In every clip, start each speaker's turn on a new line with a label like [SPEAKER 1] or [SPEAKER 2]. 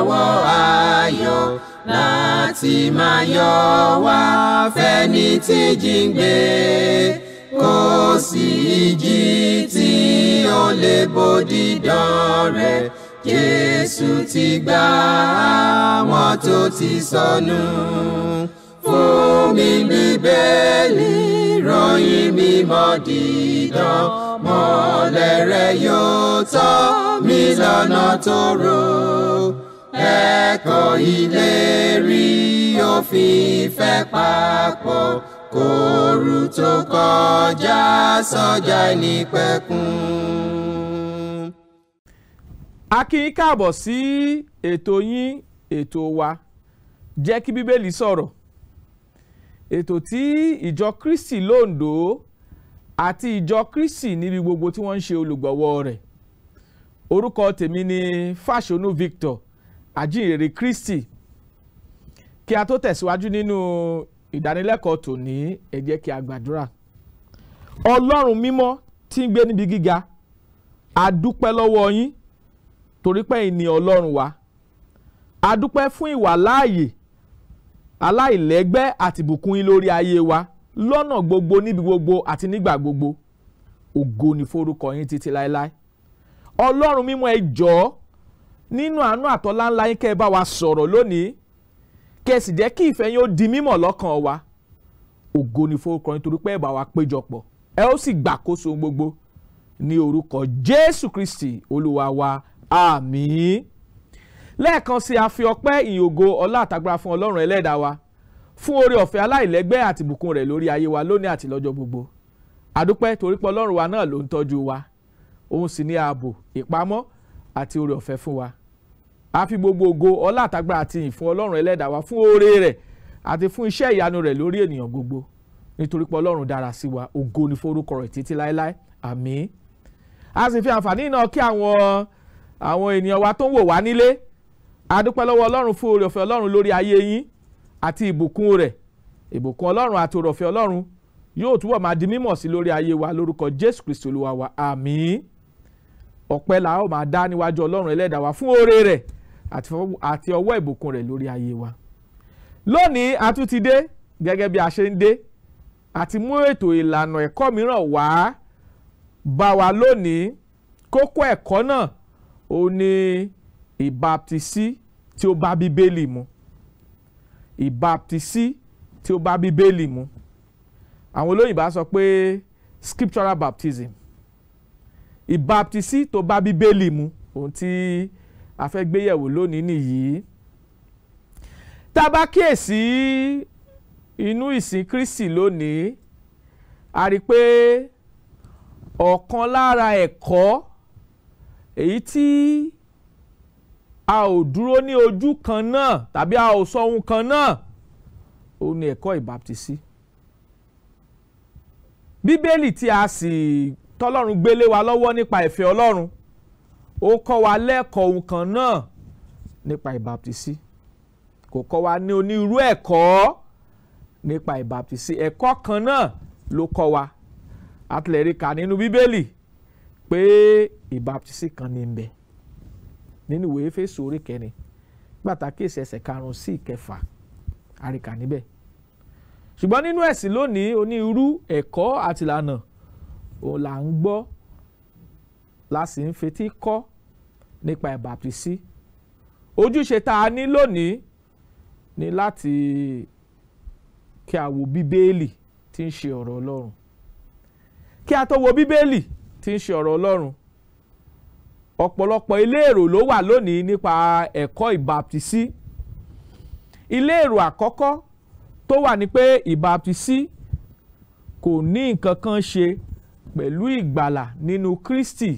[SPEAKER 1] ìràwọ̀ ayọ̀ láti máa yọ wá fẹ́ni tí jíǹgbé kò sí ìjì tí ó lè bòdì dán rẹ̀ Jésù ti gbà àwọn tó ti sọnù fún mi bíbélì ròyìn mímọ́ dídán mọ́lẹ̀ rẹ̀ yóò tọ́ mi lọ́nà tó rò ẹ̀kọ́ ìlérí òfin fẹ́ papọ̀ kóoru tó kọjá
[SPEAKER 2] sọ́jà ìnípẹ̀kun. a kì í káàbọ̀ sí ètò yín ètò wa jẹ́ kí bíbélì sọ̀rọ̀ ètò tí ìjọ Kristi lóǹdó àti ìjọ Kristi níbi gbogbo tí wọ́n ń ṣe olùgbọ̀wọ́ rẹ̀ orúkọ tèmi ni Fáṣọnú Victor àjíǹrere Kristi kí a tó tẹ̀síwájú nínú ìdánilẹ́kọ̀ọ́ tòní ẹ jẹ́ kí a gbàdúrà ọlọ́run mímọ́ tí ń gbé níbi gíga a lọ́wọ́ yín torí pé ẹ̀yin ni ọlọ́run wa a dúpẹ́ fún ìwà láàyè aláìlẹ́gbẹ́ àti ìbùkún yín lórí ayé wa lọ́nà gbogbo níbi gbogbo àti nígbà gbogbo ògo ni forúkọ yín títí láéláé ọlọ́run mímọ́ ẹ jọ̀ọ́ nínú àánú àtọ́lá yín kẹ́ ẹ bá wa sọ̀rọ̀ lónìí kẹ́ ẹ sì jẹ́ kí ìfẹ́ yín ó di mímọ̀ lọ́kàn wa ògo ni forúkọ yín torí pé ẹ bá wa péjọpọ̀ ẹ ó sì gbàkóso gbogbo ní orúkọ Jésù Kristi Olúwa wa àmín lẹ́ẹ̀kan sí a fi ọpẹ́ ìyìn ògo ọlá àtàgbára fún Ọlọ́run ẹlẹ́dàá wa fún oore ọ̀fẹ́ aláìlẹ́gbẹ́ àti ìbùkún rẹ̀ lórí ayé wa lónìí àti lọ́jọ́ gbogbo àdúpẹ́ torí pé Ọlọ́run wa náà ló ń tọ́jú wa òun sì ní ààbò ìpamọ́ àti oore ọ̀fẹ́ fún wa a fi gbogbo ògo ọlá àtàgbára àti ìfún ọlọ́run ẹlẹ́dàá wa fún oore rẹ̀ àti fún iṣẹ́ ìyanu rẹ̀ lórí ènìyàn gbogbo nítorí pé ọlọ́run dára sí wa ògo ni forúkọ rẹ̀ títí láéláé àmín a sì fi àǹfààní náà kí àwọn àwọn ènìyàn wa tó ń wò wá nílé adúpẹ́ lọ́wọ́ ọlọ́run fún oore ọ̀fẹ́ ọlọ́run lórí ayé yín àti ìbùkún rẹ̀ ìbùkún ọlọ́run àti oore ọlọ́run yóò túbọ̀ máa di mímọ̀ sí lórí ayé wa lórúkọ jésù kristi olúwa wa àmín ọpẹ́ la ó máa dá níwájú ọlọ́run ẹlẹ́dàá wa fún oore rẹ̀ àti ọwọ́ ìbùkún rẹ̀ lórí ayé wa lónìí a tún ti dé gẹ́gẹ́ bí a ṣe ń dé àti mú ètò ìlànà ẹ̀kọ́ mìíràn wá bá wa lónìí kókó ẹ̀kọ́ náà ó ní ìbaptisí tí ó bá bíbélì mu ìbaptisí tí ó bá bíbélì mu àwọn olóyìnbá sọ pé scriptural baptism ìbaptisí tó bá bíbélì mu ohun tí a fẹ́ gbéyẹ̀wò lónìí nìyí tá a bá inú ìsìn Kristi lónìí a rí i pé ọ̀kan lára ẹ̀kọ́ èyí tí a ò dúró ní ojú kan náà tàbí a ò sọ ohun kan náà òun ni ẹ̀kọ́ ìbáptisí bíbélì tí a sì tọ́lọ́run gbélé wa lọ́wọ́ nípa ìfẹ́ Ọlọ́run ó kọ́ wa lẹ́kọ̀ọ́ ohun kan náà nípa ìbàptisí kò kọ́ wa ní onírú ẹ̀kọ́ nípa ìbàptisí ẹ̀kọ́ kan náà ló kọ́ wa àtìlẹ́ríkà nínú bíbélì pé ìbàptisí kan ní ń bẹ nínú ìwé Éfésù orí kẹrin pàtàkì ìṣẹ̀ṣẹ̀ karùn-ún sí ìkẹfà àríkà níbẹ̀ ṣùgbọ́n nínú ẹ̀sìn lónìí onírú ẹ̀kọ́ àtìlànà òun là ń gbọ́ la sì ń fetí kọ́ nípa ìbàptísí ojúṣe tá a ní lónìí ni láti kí a wo bíbélì tí ń ṣe ọ̀rọ̀ ọlọ́run kí a tó wo bíbélì tí ń ṣe ọ̀rọ̀ ọlọ́run ọ̀pọ̀lọpọ̀ iléèrò ló wà lónìí nípa ẹ̀kọ́ ìbàptísí iléèrò àkọ́kọ́ tó wà ní pé ìbàptísí kò ní nǹkan kan ṣe pẹ̀lú ìgbàlà nínú Kristi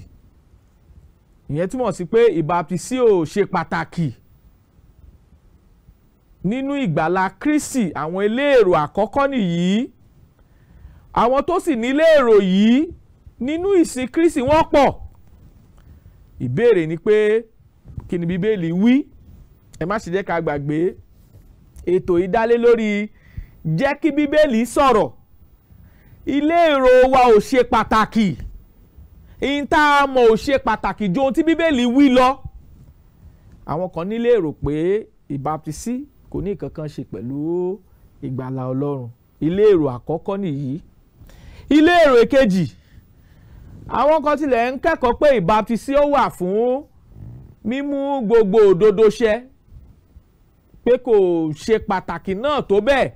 [SPEAKER 2] ìyẹn túmọ̀ sí pé ìbáptísí ò ṣe pàtàkì nínú ìgbàlá Kristi àwọn eléèrò àkọ́kọ́ nìyí àwọn tó sì nílé èrò yìí nínú ìsìn Kristi wọ́n pọ̀ ìbéèrè ni pé kí ni Bíbélì wí ẹ má ṣe jẹ́ ká gbàgbé ètò yìí lórí jẹ́ kí Bíbélì sọ̀rọ̀ ilé wa ò ṣe pàtàkì ìyìn tá a mọ̀ ò ṣe pàtàkì ju ohun tí bíbélì wí lọ àwọn kan nílé èrò pé ìbápisí kò ní ìkankan ṣe pẹ̀lú ìgbàlà ọlọ́run ilé èrò àkọ́kọ́ nìyí ilé èrò èkejì àwọn kan tilẹ̀ ń kẹ́kọ̀ọ́ pé ìbápisí ó wà fún mímú gbogbo òdodo ṣẹ pé kò ṣe pàtàkì náà tó bẹ́ẹ̀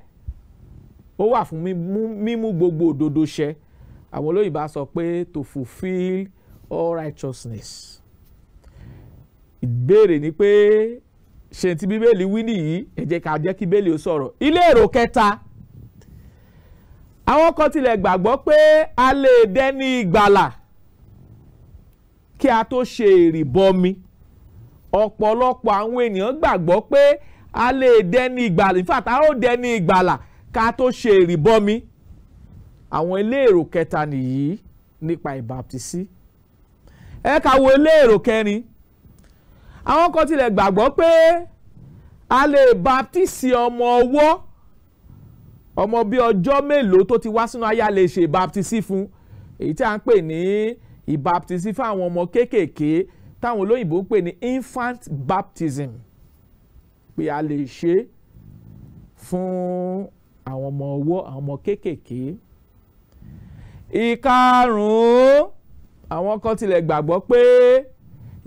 [SPEAKER 2] ó wà fún mímú gbogbo òdodo ṣẹ àwọn olóyìnbá sọ pé to fulfil all righteousness ìbéèrè ni pé ṣe ti bíbélì wí nìyí ẹ jẹ́ ká jẹ́ kí bíbélì ó sọ̀rọ̀ ilé èrò kẹta àwọn kan tilẹ̀ gbàgbọ́ pé a lè dẹ́ni ìgbàlà kí a tó ṣe ìrìbọmi ọ̀pọ̀lọpọ̀ àwọn ènìyàn gbàgbọ́ pé a lè dẹ́ni ìgbàlà in fact a ó dẹ́ni ìgbàlà ká tó ṣe ìrìbọmi àwọn ilé èrò kẹta nìyí nípa ìbàptísí ẹ ká wo ilé èrò kẹrin àwọn kan tilẹ̀ gbàgbọ́ pé a lè baptisi ọmọ ọwọ́ ọmọ bíi ọjọ́ mélòó tó ti wá sínú ayé a lè ṣe ìbaptisi fún èyí tí a ń pè ní ìbaptisi fún àwọn ọmọ kéékèèké táwọn olóyìnbó ń pè ní infant baptism pé a lè ṣe fún àwọn ọmọ ọwọ́ àwọn ọmọ kéékèèké ìkarùn-ún àwọn kan tilẹ̀ gbàgbọ́ pé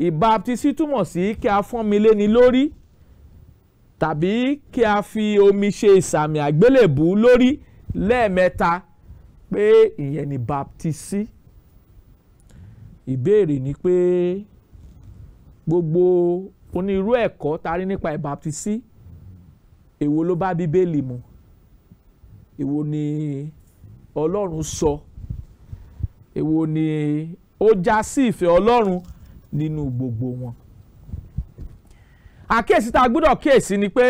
[SPEAKER 2] ìbaptisí túmọ̀ sí kí a fọ́n mi léni lórí tàbí kí a fi omi ṣe ìsàmì àgbélébù lórí lẹ́ẹ̀mẹ́ta pé ìyẹn ni baptisí ìbéèrè ni pé gbogbo onírú ẹ̀kọ́ ta rí nípa ìbaptisí èwo ló bá bíbélì mu èwo ni Ọlọ́run sọ. So èwo ni ó já sí ìfẹ́ ọlọ́run nínú gbogbo wọn. àkíyèsí tá a gbọ́dọ̀ kíyèsí ni pé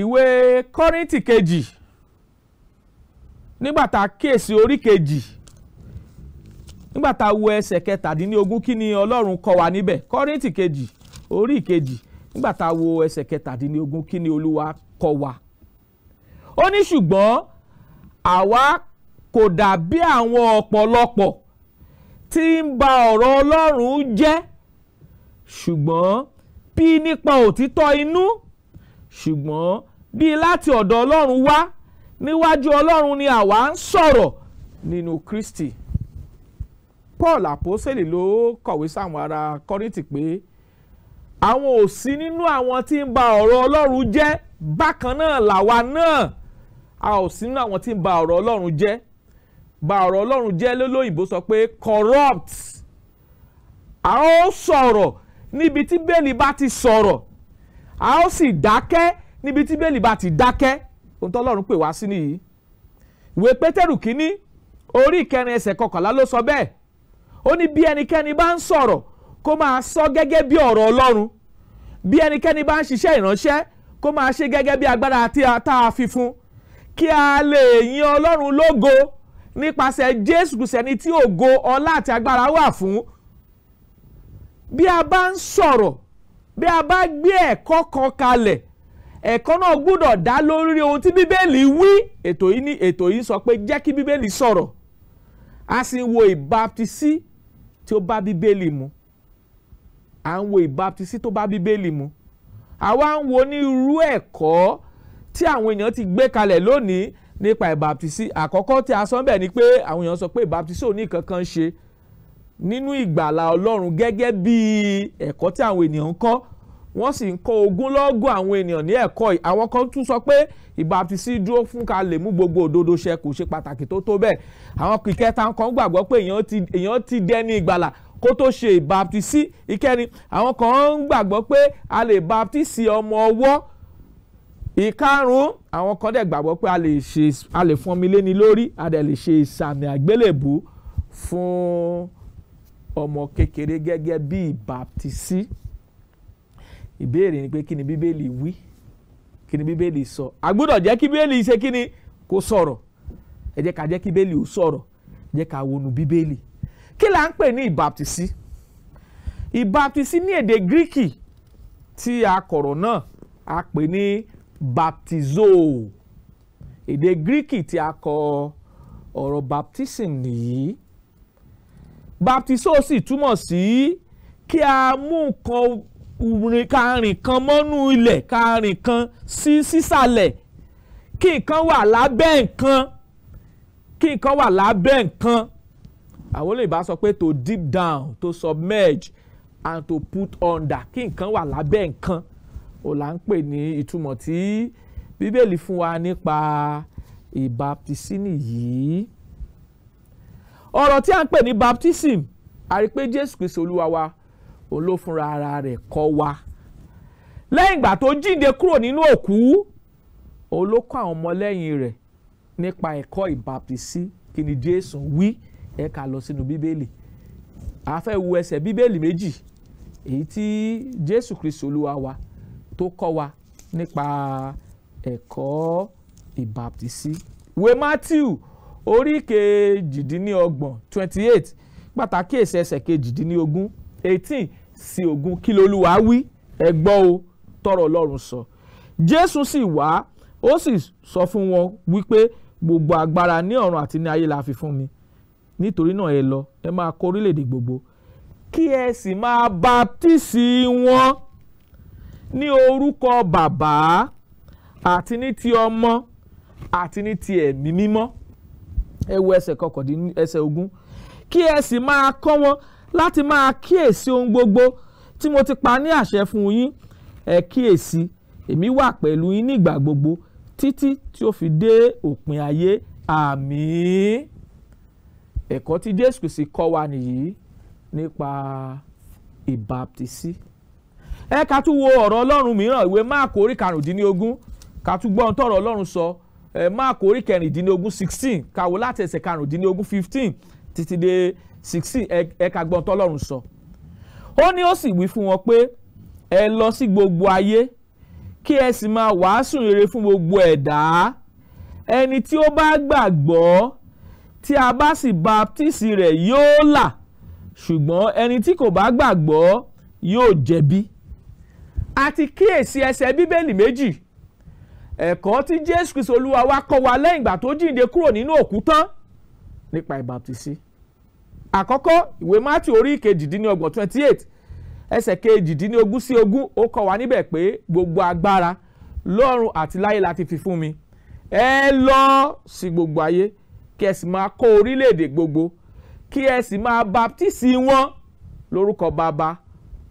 [SPEAKER 2] ìwé kọ́rìntì kejì nígbà tá a kíyèsí orí kejì nígbà tá a wo ẹsẹ̀ kẹtàdínlógún kí ni ọlọ́run kọ́ wa níbẹ̀ kọ́rìntì kejì orí kejì nígbà tá a wo ẹsẹ̀ kẹtàdínlógún kí ni olúwa kọ́ wa. ó ní ṣùgbọ́n àwa kò dàbí àwọn ọ̀pọ̀lọpọ̀ tí ń ba ọ̀rọ̀ Ọlọ́run jẹ́ ṣùgbọ́n bí nípa òtítọ́ inú ṣùgbọ́n bí láti ọ̀dọ̀ Ọlọ́run wá níwájú Ọlọ́run ni àwa ń sọ̀rọ̀ nínú Kristi Paul àpọ́sẹ̀lẹ̀ ló kọ̀wé sáwọn ará Kọ́ríńtì pé àwọn ò sí nínú àwọn tí ń ba ọ̀rọ̀ Ọlọ́run jẹ́ bákan náà làwa náà a ò sí nínú àwọn tí ń ba ọ̀rọ̀ Ọlọ́run jẹ́ ba ọ̀rọ̀ ọlọ́run jẹ́ lólóyìnbó sọ pé corrupt a ó sọ̀rọ̀ níbi tí bẹ́ẹ̀lì bá ti sọ̀rọ̀ a ó sì dákẹ́ níbi tí bẹ́ẹ̀lì bá ti dákẹ́ ohun tó ọlọ́run pè wá sí nìyí ìwé pétérù kínní orí ìkẹrin ẹsẹ̀ kọkànlá ló sọ bẹ́ẹ̀ ó ní bí ẹnikẹ́ni bá ń sọ̀rọ̀ kó máa sọ gẹ́gẹ́ bí ọ̀rọ̀ ọlọ́run bí ẹnikẹ́ni bá ń ṣiṣẹ́ ìránṣẹ́ kó máa ṣe gẹ́gẹ́ bí agbára tá a fi fún kí a lè yin ọlọ́run lógo nípasẹ̀ jésù kù sẹ́ni tí ògo ọlá àti agbára wà fún bí a bá ń sọ̀rọ̀ bí a bá gbé ẹ̀kọ́ kan kalẹ̀ ẹ̀kọ́ náà gbọ́dọ̀ dá lórí ohun tí bíbélì wí ètò yìí ní ètò yìí sọ pé jẹ́ kí bíbélì sọ̀rọ̀ a sì ń wo ìbáptisí tí ó bá bíbélì mu à ń wo ìbáptisí tó bá bíbélì mu àwa ń wo onírúurú ẹ̀kọ́ tí àwọn èèyàn ti gbé kalẹ̀ lónìí nípa ìbàptísí àkọ́kọ́ tí a sọ bẹ́ẹ̀ ni pé àwọn èèyàn sọ pé ìbàptísí ò ní kankan ṣe nínú ìgbàlà ọlọ́run gẹ́gẹ́ bí ẹ̀kọ́ tí àwọn ènìyàn ń kọ́ wọ́n sì ń kọ́ ogúnlọ́gọ̀ àwọn ènìyàn ní ẹ̀kọ́ yìí àwọn kan tún sọ pé ìbàptísí dúró fún ká lè mú gbogbo òdodo ṣẹ kò ṣe pàtàkì tó tó bẹ́ẹ̀ àwọn ìkẹta kan gbàgbọ́ pé èèyàn ti dẹni ìgbàlà kó tó ṣe ìbàptísí ìkẹrin àwọn kan gbàgbọ́ pé a lè bàptísí ọmọ ọwọ́ ìkarùn àwọn kan dẹ̀ gbàgbọ́ pé a lè ṣe a lè fún ọmọ ilé ní lórí a dẹ̀ lè ṣe ìsàmì àgbélébù fún ọmọ kékeré gẹ́gẹ́ bí ìbàtìsí ìbéèrè ni pé kí ni bíbélì wí kí ni bíbélì sọ a gbọ́dọ̀ jẹ́ kí bíbélì ṣe kí ni kó sọ̀rọ̀ ẹ jẹ́ ká jẹ́ kí bíbélì ó sọ̀rọ̀ ẹ jẹ́ ká wọnú bíbélì kí là ń pè ní ìbàtìsí ìbàtìsí ní èdè gíríkì tí a kọ̀rọ̀ náà a pè ní baptizo èdè gíríkì tí a kọ ọ̀rọ̀ baptism nìyí baptizo sì túmọ̀ sí kí a mú nǹkan rìn ká rìn kan mọ́nú ilẹ̀ ká rìn kan sí sísàlẹ̀ kí nǹkan wà lábẹ́ nǹkan kí nǹkan wà lábẹ́ nǹkan àwọn olóyìnbá sọ pé to deep down to submerge and to put under kí nǹkan wà lábẹ́ nǹkan òun là ń pè ní ìtumọ̀ tí bíbélì fún wa nípa ìbaptisini yìí ọ̀rọ̀ tí a ń pè ní baptism a rí pé Jésù Kristi olúwa wa òun ló fúnra ara rẹ̀ kọ́ wa lẹ́yìn ìgbà tó jíǹde kúrò nínú òkú òun ló kọ́ àwọn ọmọlẹ́yìn rẹ̀ nípa ẹ̀kọ́ ìbaptisi kí ni Jésù wí ẹ lọ sínú bíbélì a wo ẹsẹ̀ bíbélì méjì èyí tí Jésù Kristi olúwa wa tó kọ́ wa nípa ẹ̀kọ́ ìbàptísí ìwé Matthew orí kejìdínlọ́gbọ̀n twenty eight pàtàkì èsì ẹsẹ̀ kejìdínlógún eighteen sí ogun kí lolúwa wí ẹ gbọ́ o tọrọ Ọlọ́run sọ Jésù sì wá ó sì sọ fún wọn wípé gbogbo agbára ní ọ̀run àti ní ayé la fi fún mi nítorí náà ẹ lọ ẹ máa kọ orílẹ̀-èdè gbogbo kí ẹ sì máa baptisi wọn ní orúkọ bàbá àti ní ti ọmọ àti ní ti ẹ̀mí mímọ́ ẹ wo ẹsẹ̀ kọkàndín ẹsẹ̀ ogún kí ẹ sì máa kọ́ wọn láti máa kíyèsí ohun gbogbo tí mo ti pa ní àṣẹ fún yín ẹ kíyèsí èmi wà pẹ̀lú yín nígbà gbogbo títí tí ó fi dé òpin ayé àmín ẹ̀kọ́ tí Jésù Kristi kọ́ wa nìyí nípa ìbaptisí. E ẹ ká tún wo ọ̀rọ̀ ọlọ́run mìíràn ìwé máàkù orí karùndínlógún ká tún gbọ́ ohun tọ̀rọ̀ ọlọ́run sọ máàkù orí kẹrìndínlógún sixteen ká wò láti ẹsẹ̀ karùndínlógún fifteen títí de sixteen ẹ ká gbọ́ ohun tọ́lọ́run sọ. ó ní ó sì wí fún wọn pé ẹ lọ sí gbogbo ayé kí ẹ sì máa wàásù rere fún gbogbo ẹ̀dá ẹni tí ó bá gbàgbọ́ tí a bá sì baptisi rẹ̀ yóò là ṣùgbọ́n ẹni tí kò bá gbàgbọ́ yóò jẹ̀bi a ti kíyèsí ẹsẹ̀ bíbélì méjì ẹ̀kọ́ tí jésù kristu olúwa wa kọ́ wa lẹ́yìn ìgbà tó jíǹde kúrò nínú òkú tán nípa ìbàtìsí àkọ́kọ́ ìwé mátì orí kejìdínlọ́gbọ̀n twenty eight ẹsẹ̀ kejìdínlógún sí ogún ó kọ́ wa níbẹ̀ pé gbogbo agbára lọ́run àti láyé la ti fi fún mi ẹ lọ sí gbogbo ayé kí ẹ sì máa kọ́ orílẹ̀-èdè gbogbo kí ẹ sì máa baptisi wọn lórúkọ bàbá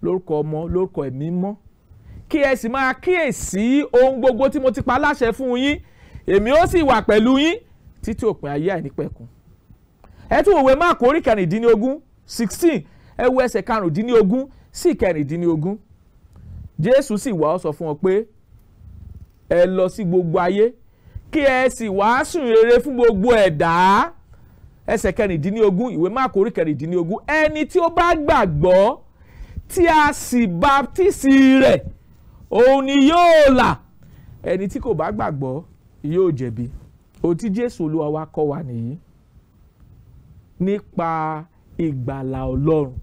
[SPEAKER 2] lórúkọ ọmọ lórúkọ ẹ̀mí mọ́ kí ẹ sì máa kíyèsí ohun gbogbo tí mo ti pa láṣẹ fún yín èmi ó sì wà pẹ̀lú yín títí òpin ayé àìnípẹ̀kun. ẹ tún òwe máàkù orí kẹrìndínlógún sixteen ẹ wo ẹsẹ̀ karùndínlógún sí kẹrìndínlógún jésù sì wá ọ sọ fún ọ pé ẹ lọ sí gbogbo ayé kí ẹ sì wàásù rere fún gbogbo ẹ̀dá ẹsẹ̀ kẹrìndínlógún ìwé máàkù orí kẹrìndínlógún ẹni tí ó bá gbàgbọ́ tí a sì baptisi rẹ̀ òun ni yóò là ẹni tí kò bá gbàgbọ́ yóò jẹ̀bi ohun tí Jésù Olúwa wa kọ́ wa nìyí nípa ìgbàlà Ọlọ́run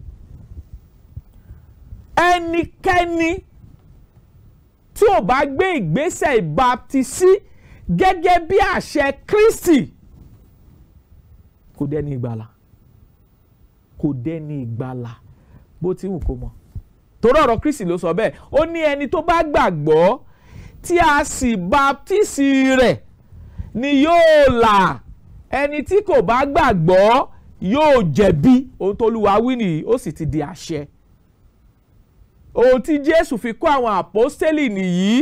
[SPEAKER 2] ẹnikẹ́ni tí ò bá gbé ìgbésẹ̀ ìbaptisí gẹ́gẹ́ bí àṣẹ Kristi kò dẹ́ni ìgbàlà kò dẹ́ni ìgbàlà bó ti wù kó mọ̀ torí ọ̀rọ̀ Kristi ló sọ bẹ́ẹ̀ ó ní ẹni tó bá gbàgbọ́ tí a sì baptisi rẹ̀ ni yóò là ẹni tí kò bá gbàgbọ́ yóò jẹ̀bi ohun tó Olúwa wí nìyí ó sì ti di àṣẹ ohun tí Jésù fi kọ́ àwọn àpọ́sẹ́lì nìyí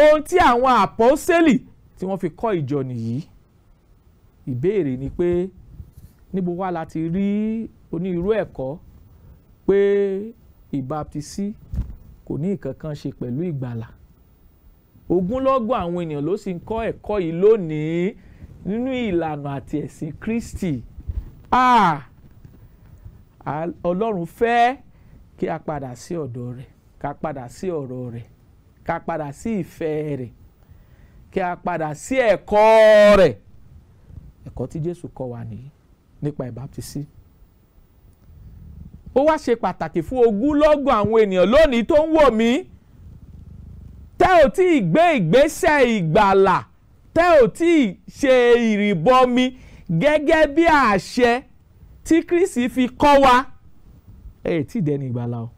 [SPEAKER 2] ohun tí àwọn àpọ́sẹ́lì tí wọ́n fi kọ́ ìjọ nìyí ìbéèrè ni pé níbo wá la ti rí onírúurú ẹ̀kọ́ pé ìbáptisí kò ní ìkankan ṣe pẹ̀lú ìgbàlà ogunlọ́gọ̀ àwọn ènìyàn ló sì ń kọ́ ẹ̀kọ́ yìí lónìí nínú ìlànà àti ẹ̀sìn Kristi Ọlọ́run fẹ́ kí a padà sí ọ̀dọ̀ rẹ̀ ká padà sí ọ̀rọ̀ rẹ̀ ká padà sí ìfẹ́ rẹ̀ kí a padà sí ẹ̀kọ́ rẹ̀ ẹ̀kọ́ tí Jésù kọ́ wa nìyí nípa ìbáptisí. E ó wá ṣe pàtàkì fún ogúnlọ́gọ̀ àwọn ènìyàn lónìí tó ń wò mí tẹ́ ò tí ì gbé ìgbésẹ̀ ìgbàlà tẹ́ ò tí ì ṣe ìrìbọmi gẹ́gẹ́ bí àṣẹ tí Kristi fi kọ́ wa ẹ ò tí ì dẹni ìgbàlà o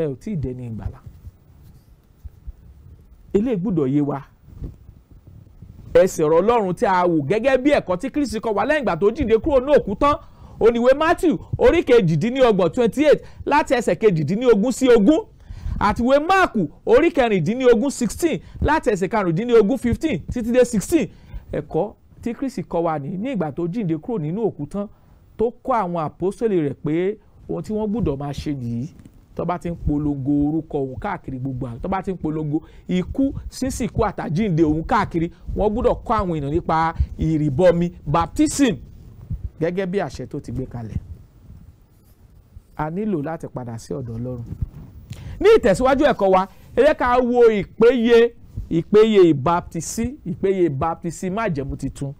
[SPEAKER 2] ẹ ò tí ì dẹni ìgbàlà eléyìí gbọ́dọ̀ yé wa ẹsẹ̀ ọ̀rọ̀ Ọlọ́run tí a wò gẹ́gẹ́ bí ẹ̀kọ́ tí Kristi kọ́ wa lẹ́yìn ìgbà tó jíǹde kúrò ní òkú tán oníwé matthew orí kejìdínlọ́gbọ̀n twenty eight láti ẹsẹ̀ kejìdínlógún sí ogún àtiwé máàkù orí kẹrìndínlógún sixteen láti ẹsẹ̀ karùndínlógún fifteen títí dé sixteen ẹ̀kọ́ tí kristi kọ́ wa ní ní ìgbà tó jíǹde kúrò nínú òkú tán tó kọ́ àwọn àpọ́sẹ̀lẹ̀ rẹ̀ pé ohun tí wọ́n gbọ́dọ̀ máa ṣe nìyí tó bá ti ń polongo orúkọ òun káàkiri gbogbo àwọn tó bá ti ń polongo ikú sísìnkú àtàjíǹde òun káàkiri wọ́n gbọ́dọ̀ kọ́ àwọn èèyàn nípa ìrìbọmi baptism gẹ́gẹ́ bí àṣẹ tó ti gbé kalẹ̀ a nílò láti padà sí ọ̀dọ̀ ọlọ́run ní ìtẹ̀síwájú ẹ̀kọ́ wa ẹ jẹ́ ká wo ìpéye ìpéye ìbaptisi ìpéye ìbaptisi májẹ̀mú titun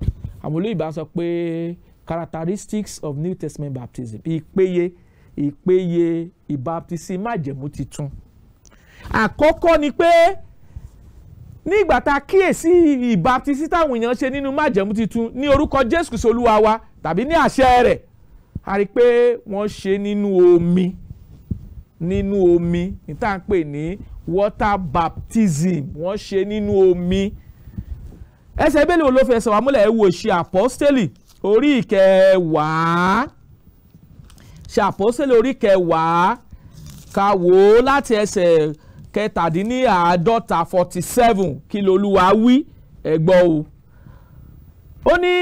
[SPEAKER 2] àwọn olóyìnbá sọ pé characteristics of New Testament baptism ìpéye ìpéye ìbaptisi májẹ̀mú titun àkọ́kọ́ ni pé nígbà tá a kíyèsí ìbaptisi táwọn èèyàn ṣe nínú májẹ̀mú titun ní orúkọ Jésù Kristi Olúwa wa tàbí ní àṣẹ rẹ̀ a rí i pé wọ́n ṣe nínú omi nínú omi ní tá à ń pè ní water baptism wọ́n ṣe nínú omi ẹsẹ̀ ìbéèlì wo ló fẹsẹ̀ wà múlẹ̀ ẹ wo ṣe àpọ́stélì orí ìkẹwàá ṣe àpọ́stélì orí ìkẹwàá ká wò ó láti ẹsẹ̀ kẹtàdínníàádọ́ta forty seven kí lolúwa wí ẹ̀gbọ́n o ó ní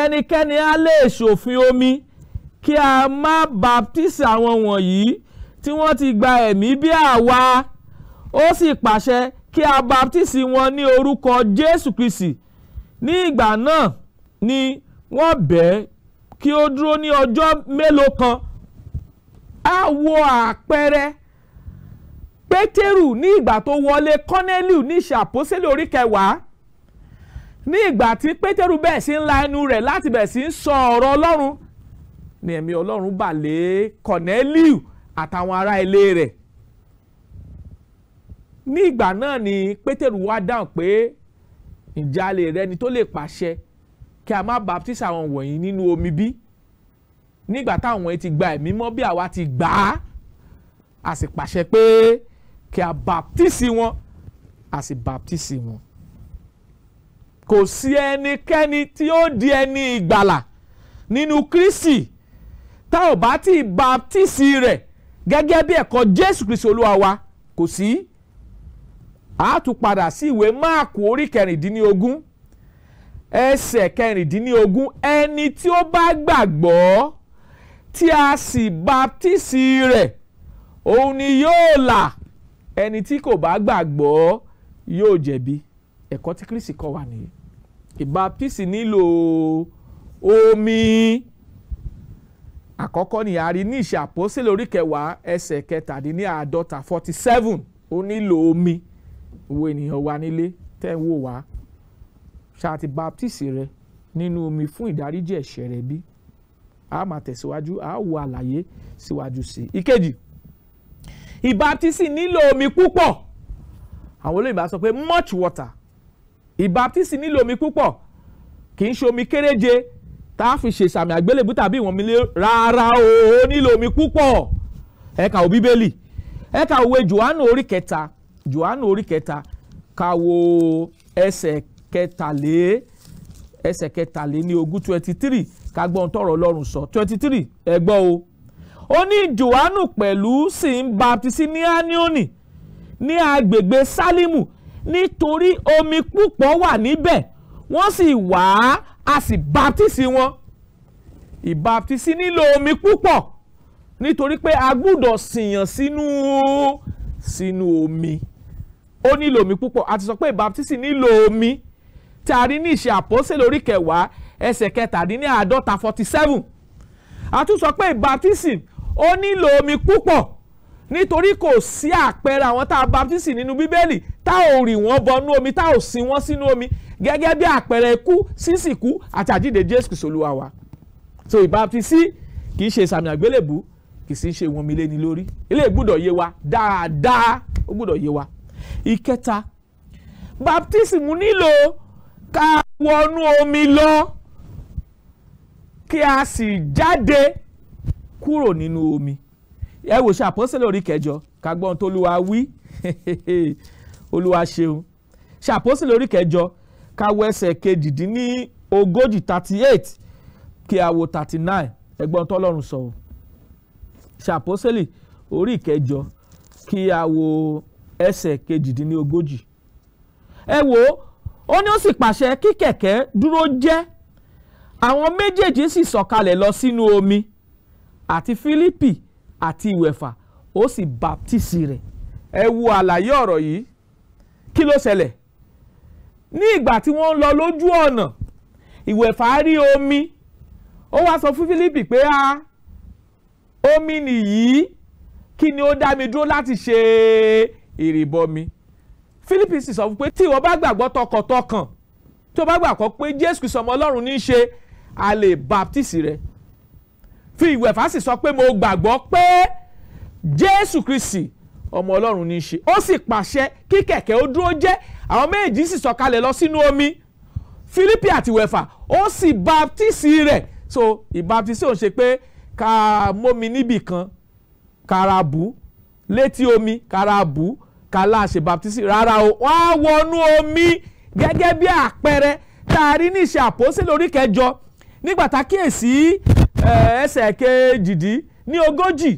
[SPEAKER 2] ẹnikẹ́ni á lè ṣòfin omi kí a má baptisi àwọn wọ̀nyí tí wọ́n ti gba ẹ̀mí bí àwa ó sì pàṣẹ kí a baptisi wọn ní orúkọ Jésù Kristi ní ìgbà náà ni wọ́n bẹ̀ẹ́ kí ó dúró ní ọjọ́ mélòó kan á wo àpẹẹrẹ Pétérù ní ìgbà tó wọlé Kọ́nélì ní ìṣàpọ́sílẹ̀ orí kẹwàá ní ìgbà tí pétérù bẹ́ẹ̀ sí ń la ẹnu rẹ̀ láti bẹ̀ sí ń sọ ọ̀rọ̀ ọlọ́run ni ẹ̀mí ọlọ́run bà lé kọ̀nẹ́líù àtàwọn ará ilé rẹ̀ ní ìgbà náà ni pétérù wá dáhùn pé ìjàlè rẹ ni tó lè pàṣẹ kí a má baptise àwọn wọ̀nyí nínú omi bí nígbà táwọn wọ̀nyí ti gba ẹ̀mí mọ́ bí àwa ti gbà á a sì pàṣẹ pé kí a baptise wọn a sì baptise wọn kò sí ẹnikẹ́ni tí ó di ẹni ìgbàlà nínú Kristi tá ò bá ti baptisi rẹ̀ gẹ́gẹ́ bí ẹ̀kọ́ Jésù Kristi Olúwa wa kò sí a tún padà sí ìwé Máàkù orí kẹrìndínlógún ẹsẹ̀ kẹrìndínlógún ẹni tí ó bá gbàgbọ́ tí a sì baptisi rẹ̀ òun ni yóò là ẹni tí kò bá gbàgbọ́ yóò jẹ̀bi ẹ̀kọ́ tí Kristi kọ́ wa nìyí ìgbà peace nílò omi àkọ́kọ́ ni àárín ní ìṣe àpòsílẹ̀ orí kẹwàá ẹsẹ̀ kẹtàdínláàádọ́ta forty seven ó nílò omi owó ènìyàn wa nílé tẹ́ ń wò wá ṣáà ti baptist rẹ nínú omi fún ìdáríjì ẹ̀ṣẹ̀ rẹ bí a máa tẹ̀síwájú a wo àlàyé síwájú sí i. ìkejì ìbátísì nílò omi púpọ̀ àwọn olóyìnbá sọ pé much water ìbátísì nílò omi púpọ̀ kì í ṣe omi kéréje tá a fi ṣe sàmì àgbélébú tàbí ìwọ̀n mi lé rárá o ó nílò omi púpọ̀ ẹ kà wo bíbélì ẹ kà wo johannu orí kẹta johannu orí kẹta kà ẹsẹ̀ kẹtàlé ẹsẹ̀ kẹtàlé ní ogún twenty three ká gbọ́n tọ̀rọ̀ ọlọ́run sọ twenty three ẹ gbọ́ o ó ní johannu pẹ̀lú sì ń baptisi ní anioni ní agbègbè salimu nítorí omi púpọ̀ wà níbẹ̀ wọ́n sì wá a sì baptisi wọn ìbaptisi nílò omi púpọ̀ nítorí pé a gbúdọ̀ sìyàn sínú sínú omi ó nílò omi púpọ̀ a ti sọ pé ìbaptisi nílò omi tí a rí ní ìṣe àpọ́sẹ̀lẹ̀ orí kẹwàá ẹsẹ̀ kẹtàdínláàádọ́ta forty seven a tún sọ pé ìbaptisi ó nílò omi púpọ̀ nítorí kò sí àpẹẹrẹ àwọn tá a baptisi nínú bíbélì tá ò rì wọ́n bọnú omi tá ò sin wọ́n sínú omi gẹ́gẹ́ bí àpẹẹrẹ ikú sísìkú àti àjíǹde Jésù Kristi Olúwa wa so ìbáfisí kì í ṣe sàmì àgbélébù kì í sì ṣe wọn mi lé ní lórí eléyìí gbúdọ̀ yé wa dáadáa ó gbúdọ̀ yé wa ìkẹta baptism nílò ká wọnú omi lọ kí a sì jáde kúrò nínú omi ẹ wò ṣe àpọ́sẹ̀lẹ̀ orí kẹjọ ká tó lù wá wí olúwa ṣeun ṣàpọ́sí lórí kẹjọ káwọ ẹsẹ̀ kejìdínní ogójì thirty eight kí thirty nine ẹgbọ́n tọ́lọ́run sọ ṣàpọ́sẹ́lì orí ìkẹjọ kí a wo ẹsẹ̀ kejìdínní ogójì ẹ wo ó ní ó sì pàṣẹ kí kẹ̀kẹ́ dúró jẹ́ àwọn méjèèjì sì sọ̀kalẹ̀ lọ sínú omi àti Fílípì àti ìwẹ̀fà ó sì baptisi rẹ̀ ẹ wo àlàyé ọ̀rọ̀ yìí kí ló ṣẹlẹ̀ ní ìgbà tí wọ́n ń lọ lójú ọ̀nà ìwẹ̀fà rí omi ó wá sọ fún Fílípì pé a omi nìyí kí ni ó dá mi dúró láti ṣe ìrìbọmi Fílípì sì sọ fún pé tí ìwọ bá gbàgbọ́ tọkàntọkàn tí o bá gbàgbọ́ pé Jésù Kristi ọmọ Ọlọ́run ní í ṣe a lè rẹ fi ìwẹ̀fà sì sọ pé mo gbàgbọ́ pé Jésù Kristi ọmọ ọlọ́run ní í ṣe ó sì pàṣẹ kí kẹ̀kẹ́ ó dúró jẹ́ àwọn méjì sì sọ̀kalẹ̀ lọ sínú omi Fílípì àti wẹ̀fà ó sì baptisi rẹ̀ so ìbaptisi òun ṣe pé ká mómi níbì kan karabu létí omi karabu kàlá ṣe baptisi rárá o wọ́n á wọnú omi gẹ́gẹ́ bí àpẹẹrẹ tá a rí ní ìṣe àpòsí lórí kẹjọ nígbà kíyèsí ẹsẹ̀ kejìdí ní ogójì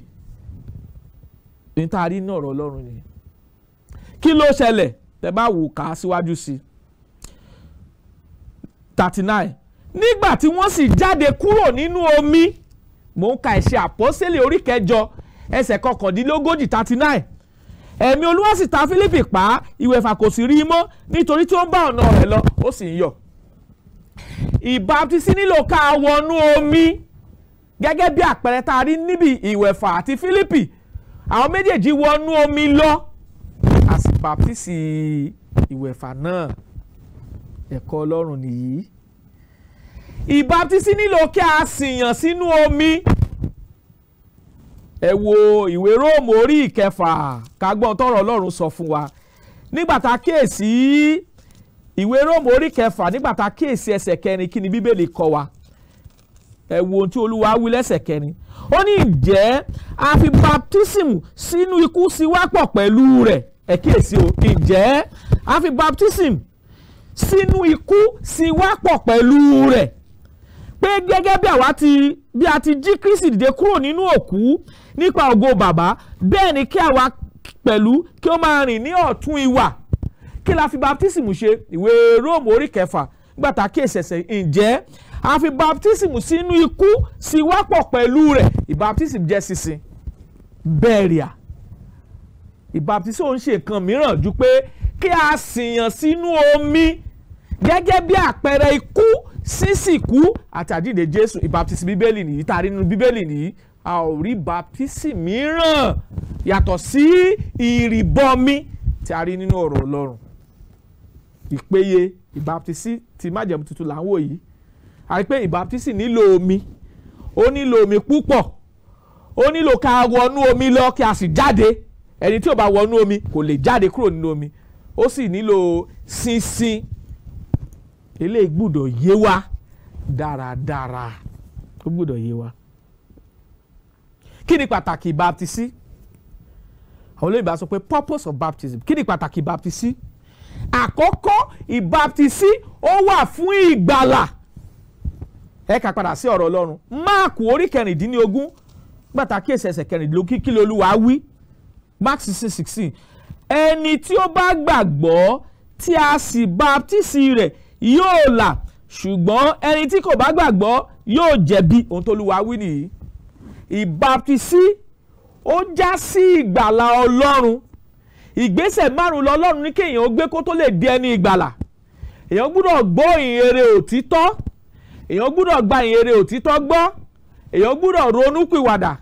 [SPEAKER 2] ní tá a rí ní ọ̀rọ̀ ọlọ́run nìyẹn kí ló ṣẹlẹ̀ tẹ́ bá wò ká síwájú sí thirty nine nígbà tí wọ́n sì jáde kúrò nínú omi mò ń ka ẹ̀ṣẹ̀ àpọ́sẹ́lẹ̀ orí kẹjọ ẹsẹ̀ kọkàndínlógójì thirty nine ẹ̀mí olúwa sì ta Fílípì pa ìwẹ̀fà kò sì rí i mọ́ nítorí tí ó ń bá ọ̀nà rẹ̀ lọ ó sì ń yọ̀. ìbáptísí nílò ká wọnú omi gẹ́gẹ́ bí àpẹẹrẹ tá a rí níbi ìwẹ̀fà àti Fílípì àwọn méjèèjì wọnú omi lọ àsìpà fíìsì ìwẹ̀fà náà ẹ̀kọ́ ọlọ́run nìyí ìbátísí nílò kí a sìyàn sínú omi ẹ wo ìwé róòmù orí ìkẹfà kágbọ́n tọrọ ọlọ́run sọ fún wa nígbà kíyèsí ìwé róòmù orí kẹfà nígbà kíyèsí ẹsẹ̀ kẹrin kí ni bíbélì kọ́ wa ẹ wo ohun tí olúwa wí lẹ́sẹ̀ kẹrin ó ní ìjẹ́ a fi baptism sínú ikú sí wá pọ̀ pẹ̀lú rẹ̀ ẹ kíyèsí o ìjẹ́ a fi baptism sínú ikú sí wá pọ̀ pẹ̀lú rẹ̀ pé gẹ́gẹ́ bí àwa ti bí a ti jí Kristi dìde kúrò nínú òkú nípa ògo bàbá bẹ́ẹ̀ ni kí àwa pẹ̀lú kí ó máa rìn ní ọ̀tún ìwà kí la fi baptism ṣe ìwé Róòmù orí kẹfà gbàtà kí èsẹ̀sẹ̀ ǹjẹ́ a fi baptism sínú ikú sí wápọ̀ pẹ̀lú rẹ̀ ìbaptism jẹ́ sísin bẹ́ẹ̀rìà ìbaptism ń ṣe nǹkan mìíràn ju pé kí a sìyàn sínú omi gẹ́gẹ́ bí àpẹẹrẹ ikú sísìkú àtàdídé Jésù ìbaptism bíbélì nìyí tàrí nínú bíbélì nìyí a ò rí baptism mìíràn yàtọ̀ sí ìrìbọmi tí nínú ọ̀rọ̀ Ọlọ́run ìpéye ìbaptisí ti májẹ̀mú tuntun là ń wò yìí àti pé ìbáptísì nílò omi ó nílò omi púpọ̀ ó nílò ká wọnú omi lọ kí a sì jáde ẹni tí ò bá wọnú omi kò lè jáde kúrò nínú omi ó sì nílò sínsín eléyìí gbúdọ̀ yé wa dáradára ó gbúdọ̀ yé wa kí ni pàtàkì ìbáptísì àwọn olóyìnbá sọ pé purpose of baptism kí ni pàtàkì ìbáptísì àkọ́kọ́ ìbáptísí ó wà fún ìgbàlà ẹ kà padà sí ọ̀rọ̀ ọlọ́run máàkù orí kẹrìndínlógún pàtàkì ẹsẹ̀ kẹrìndínlógún kí lolúwa wí mark sixteen sixteen ẹni tí ó bá gbàgbọ́ tí a sì báptísì rẹ̀ yóò là ṣùgbọ́n ẹni tí kò bá gbàgbọ́ yóò jẹ̀bi ohun tó lúwa wí nìyí ìbáptísí ó já sí ìgbàlà ọlọ́run ìgbésẹ̀ márùn lọ́lọ́run ní kéèyàn ó gbé kó tó lè di ẹni ìgbàlà èèyàn gbúdọ̀ gbọ́ ìyèrè òtítọ́ èèyàn gbúdọ̀ gba ìyèrè òtítọ́ gbọ́ èèyàn gbúdọ̀ ronúpìwàdà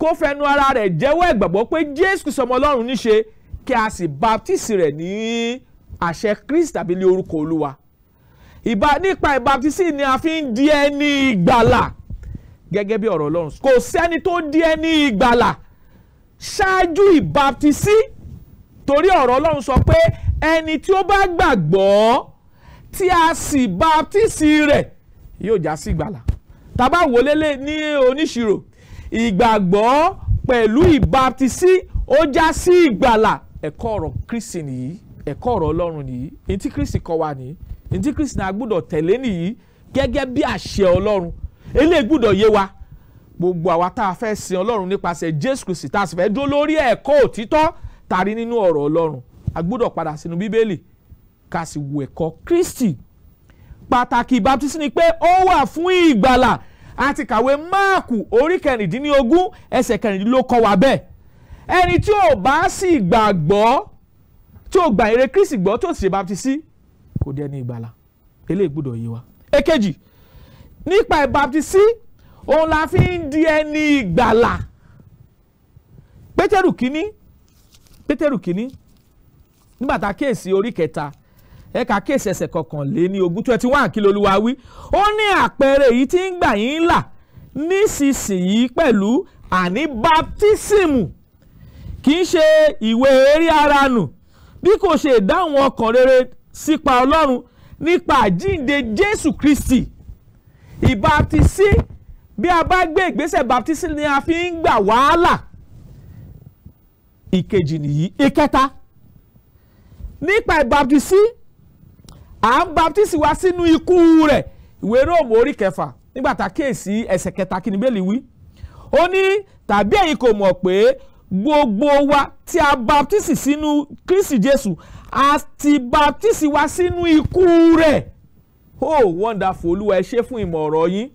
[SPEAKER 2] kó fẹnu ara rẹ̀ jẹ́wọ́ ẹ̀gbàgbọ́ pé Jésù sọmọ Ọlọ́run níṣe kí a sì baptisi rẹ̀ ní àṣẹ Kristi tàbí lé orúkọ Olúwa ìbá nípa ìbaptisi ni a fi ń di ẹni ìgbàlà gẹ́gẹ́ bí ọ̀rọ̀ Ọlọ́run kò sẹ́ni tó di ẹni ìgbàlà ṣáájú ìbaptisi torí ọ̀rọ̀ Ọlọ́run sọ pé ẹni tí ó bá gbàgbọ́ tí a sì baptisi rẹ̀ yóò já sí ìgbàlà tàbá wọlélẹ̀ ní oníṣirò ìgbàgbọ́ pẹ̀lú ìbaptisi ó já sí ìgbàlà ẹ̀kọ́ ọ̀rọ̀ Kristi nìyí ẹ̀kọ́ ọ̀rọ̀ Ọlọ́run nìyí ní Kristi kọ́ wa nìyí ní tí Kristi náà gbọ́dọ̀ tẹ̀lé nìyí gẹ́gẹ́ bí àṣẹ Ọlọ́run eléyìí gbọ́dọ̀ yé wa gbogbo àwa tá a fẹ́ sin Ọlọ́run nípasẹ̀ Jésù Kristi tá a sì fẹ́ dó lórí ẹ̀kọ́ òtítọ́ tarí nínú ọ̀rọ̀ ọlọ́run a gbọ́dọ̀ padà sínú bíbélì ká sì wo ẹ̀kọ́ kristi pàtàkì baptisi ni pé ó wà fún ìgbàlà àti kàwé máàkù orí kẹrìndínlógún ẹsẹ̀ kẹrìndínlókọ̀ wà bẹ́ẹ̀ ẹni tí ò bá sì gbàgbọ́ tí ò gbà ère kristi gbọ́ tí ò ṣe baptisi kò dé ní ìgbàlà eléyìí gbọ́dọ̀ yé wa èkejì nípa ìbaptisi òun la fi ń di ẹni ìgbàlà pétérù kínní pétérù kínní nígbà tá a kéèsì orí kẹta ẹ̀ka kéèsì ẹsẹ̀ kọkànléní ogún twenty one kí lolúwa wí ó ní àpẹẹrẹ èyí tí ń gbà yín là nísinsìnyí pẹ̀lú àní baptísìmù kì í ṣe ìwé eré ara nù bí kò ṣe ìdáhùn ọkàn rere sípa ọlọ́run nípa àjíǹde jésù kristi ìbaptisí bí a bá gbé ìgbésẹ̀ baptisí ni a fi ń gbà wàhálà ìkejì nìyí ìkẹta nípa ìbaptisi à ń baptisi wá sínú ikú rẹ̀ ìwé róòmù orí kẹfà nígbà tá a kíyèsí ẹsẹ̀ kẹta kí ni bẹ́ẹ̀ lè wí ó ní tàbí ẹ̀yin kò mọ̀ pé gbogbo wa tí a baptisi sínú Kristi Jésù a ti baptisi wá sínú ikú rẹ̀ oh wonderful olúwa ẹ ṣé fún ìmọ̀ ọ̀rọ̀ yín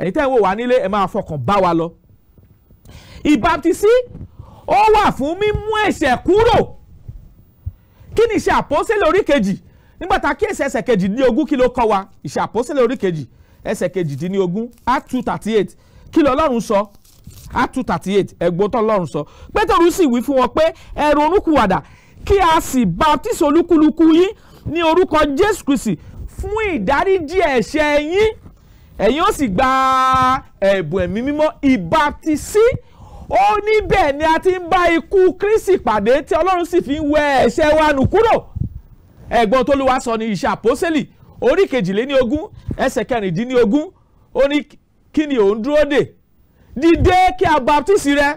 [SPEAKER 2] ẹ̀yin tẹ́ ń wò wá nílé ẹ máa fọkàn bá wa lọ ìbaptisi ó wà fún mímú ẹ̀ṣẹ̀ kúrò kí ni iṣẹ́ àpọ́sẹ́lẹ̀ orí kejì nígbà tá a kíyèsí ẹsẹ̀ kejì dín ní ogún kí ló kọ́ wa iṣẹ́ àpọ́sẹ́lẹ̀ orí kejì ẹsẹ̀ kejì dín ní ogún act two thirty eight kí ló Ọlọ́run sọ act two thirty eight ẹ̀gbọ́n tó Ọlọ́run sọ Pétérù sì wí fún wọn pé ẹ ronúkúwàdà kí a sì baptisi olúkúlùkù yín ní orúkọ Jésù Kristi fún ìdáríjì ẹ̀ṣẹ̀ yín ẹ̀yin ó sì gba ẹ̀bùn ẹ̀mí mímọ́ ìbaptisi ó ni a ti ń bá ikú Kristi pàdé tí Ọlọ́run fi ń wẹ ẹ̀ṣẹ̀ wa nù kúrò ẹ̀gbọ́n sọ ní iṣẹ́ àpọ́sẹ́lì orí kejìléníogún ẹsẹ̀ kẹrìndínlógún ó ní kí ni òun dúró dè kí a baptisi rẹ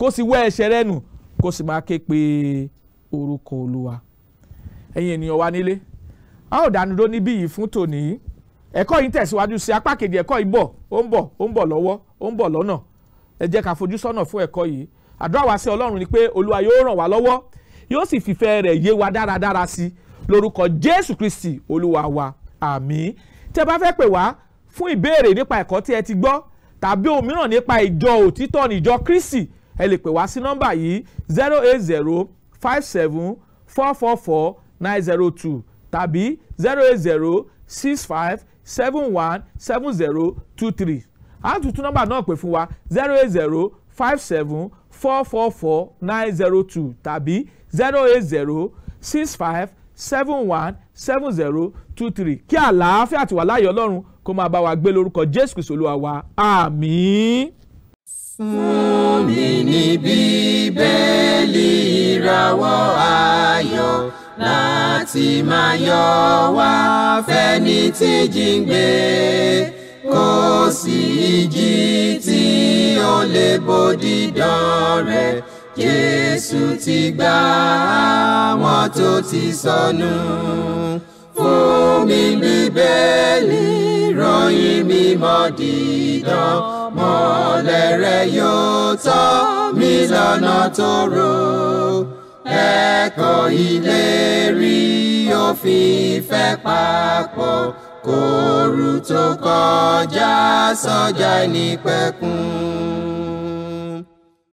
[SPEAKER 2] kó sì wẹ ẹ̀ṣẹ̀ rẹ nù kó sì máa ké pe orúkọ Olúwa ẹ̀yin ènìyàn wa nílé a ó dánu dó níbí yìí fún tòní ẹ̀kọ́ yìí tẹ̀síwájú sí apá kejì ẹ̀kọ́ yìí bọ̀ ó ń bọ̀ ó ń bọ̀ lọ́wọ́ ẹ jẹ́ ká fojú sọ́nà fún ẹ̀kọ́ yìí àdúrà wa sí ọlọ́run ni pé olúwa yóò ràn wá lọ́wọ́ yóò sì fìfẹ́ rẹ̀ yé wa dáradára sí lórúkọ jésù kristi olúwa wa àmín tẹ́ bá fẹ́ pè wá fún ìbéèrè nípa ẹ̀kọ́ tí ẹ ti gbọ́ tàbí òmíràn nípa ìjọ òtítọ́ níjọ kristi ẹ lè pè wá sí nọ́mbà yìí zero eight zero five seven four four four nine zero two tàbí zero eight zero six five seven one seven zero two three á tún tún nọ́mbà náà pè fún wa zero eight zero five seven four four four nine zero two tàbí zero eight zero six five seven one seven zero two three kí àlàáfíà àti wàláyé ọlọ́run kó máa bá wa gbé lórúkọ jésù kristu olúwa wa àmín. fún mi ní bíbélì ìràwọ̀ ayọ̀
[SPEAKER 1] láti máa yọ wá fẹ́ni tí jíǹde kò sí ìjì tí ó lè bòdì dán rẹ̀ Jésù ti gbà àwọn tó ti sọnù fún mi bíbélì ròyìn mímọ́ dídán mọ́lẹ̀ rẹ̀ yóò tọ́ mi lọ́nà tó rò ẹ̀kọ́ ìlérí òfin ìfẹ́ papọ̀ kòòrù tó kọjá sọ́jà ní pẹ̀kun.